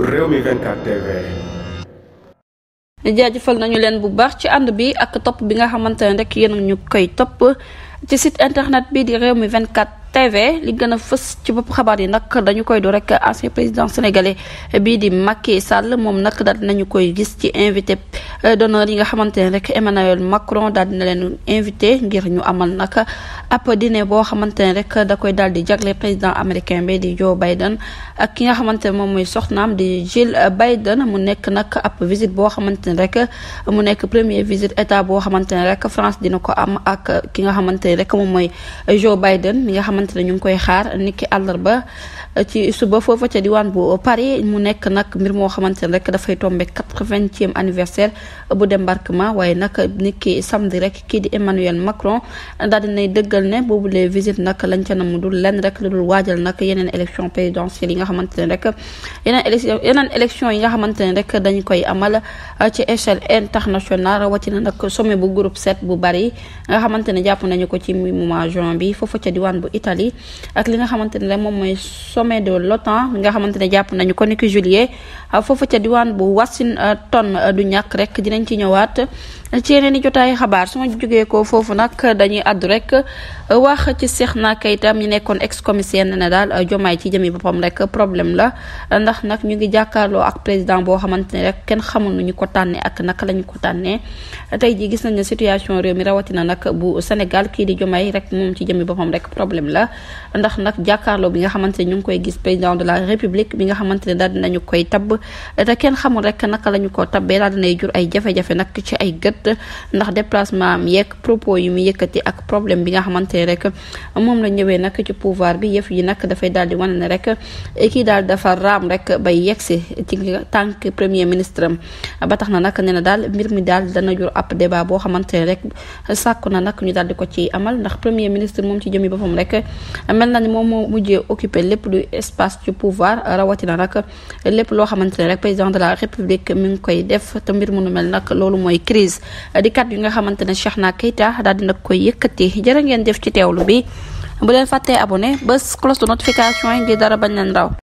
Rewmi 24 TV. jaajëfal nañu leen bu baax ci ànd bi ak topp bi nga xamante ne rek yéen ñu koy topp ci site internet bi di réew mi 24 TV li gën a fës ci bopp xabaar yi nag dañu koy do rek ancien président sénégalais bii di Macky sàll moom nag daal nañu koy gis ci invité Euh, d'honneur yi nga xamante ne rek Emmanuel Macron daal dina leen invité ngir ñu amal nag ab dîner boo xamante ne rek da koy daal di jagle président américain bi di Joe Biden ak ki nga xamante ne moom mooy soxnaam di Jill Biden mu nekk nag ab visite boo xamante ne rek mu nekk premier visite état boo xamante ne rek France dina ko am ak ki nga xamante ne rek moom mooy Joe Biden mi nga xamante ne ñu ngi koy xaar niki àllarba ci suba foofa ca diwaan bu Paris mu nag mbir moo xamante ne rek dafay tombe quatre-vingtième anniversaire bu démbarquement waaye nag nit ki samedi rek kii di Emmanuel Macron daal dinay dëggal ne boobu les visites nag lañ ca namu dul lenn rek lu dul waajal nag yeneen élection présidentielle yi nga xamante ne rek yeneen élection yeneen yi nga xamante ne rek dañ koy amal uh, ci échelle internationale rawatina nag sommet bu groupe 7 bu bari nga xamante ne jàpp nañu ko ci mois juin bi foofu ca diwaan bu Italie ak li nga xamante ne rek moom mooy sommet de l'OTAN nga xamante ne jàpp nañu ko niki juillet uh, foofu ca diwaan bu Washington uh, du ñàkk rek nag dinañ ci ñëwaat ci yeneen i jotaay xabaar su ma jógee foofu nag dañuy àddu rek wax ci Cheikhna Keita ñu nekkoon ex commissaire ne na daal Diomaye ci jëmi boppam rek problème la ndax nag ñu ngi jàkkaarloo ak président boo xamante ne rek kenn xamul nu ñu ko tànnee ak naka la ñu ko tey jii gis nañ ne situation réew mi rawatina nag bu Sénégal kii di Diomaye rek moom ci jëmi boppam rek problème la ndax nag jàkkaarloo bi nga xamante ne ñu ngi koy gis président de la république bi nga xamante ne daal dinañu koy tabb te kenn xamul rek naka la ñu ko tabbee daal dinay jur ay jafe-jafe nag ci ay gëtt ndax déplacement am yeeg propos yu mu yëkkati ak problème bi nga xamante ne rek moom la ñëwee nag ci pouvoir bi yëf yi nag dafay daal di wane ne rek kii daal dafa raam rek bay yegsi ci tànk premier ministre am ba tax na nag nee na daal mbir mi daal dana jur ab débat boo xamante ne rek sàkku na nag ñu daal di ko ci amal ndax premier ministre moom ci jëmi boppam rek mel na ni moom moo mujjee occupé lépp luy espace ci pouvoir rawatina nag lépp loo xamante ne rek président de la république mi ngi koy def te mbir mu nu mel loolu mooy crise di kat yu nga xamante ne Cheikhna Keita daal dina koy yëkkati jërë ngeen def ci teewlu bi bu leen fàttee abonné bés cloche de notification yi ngir dara bañ leen raw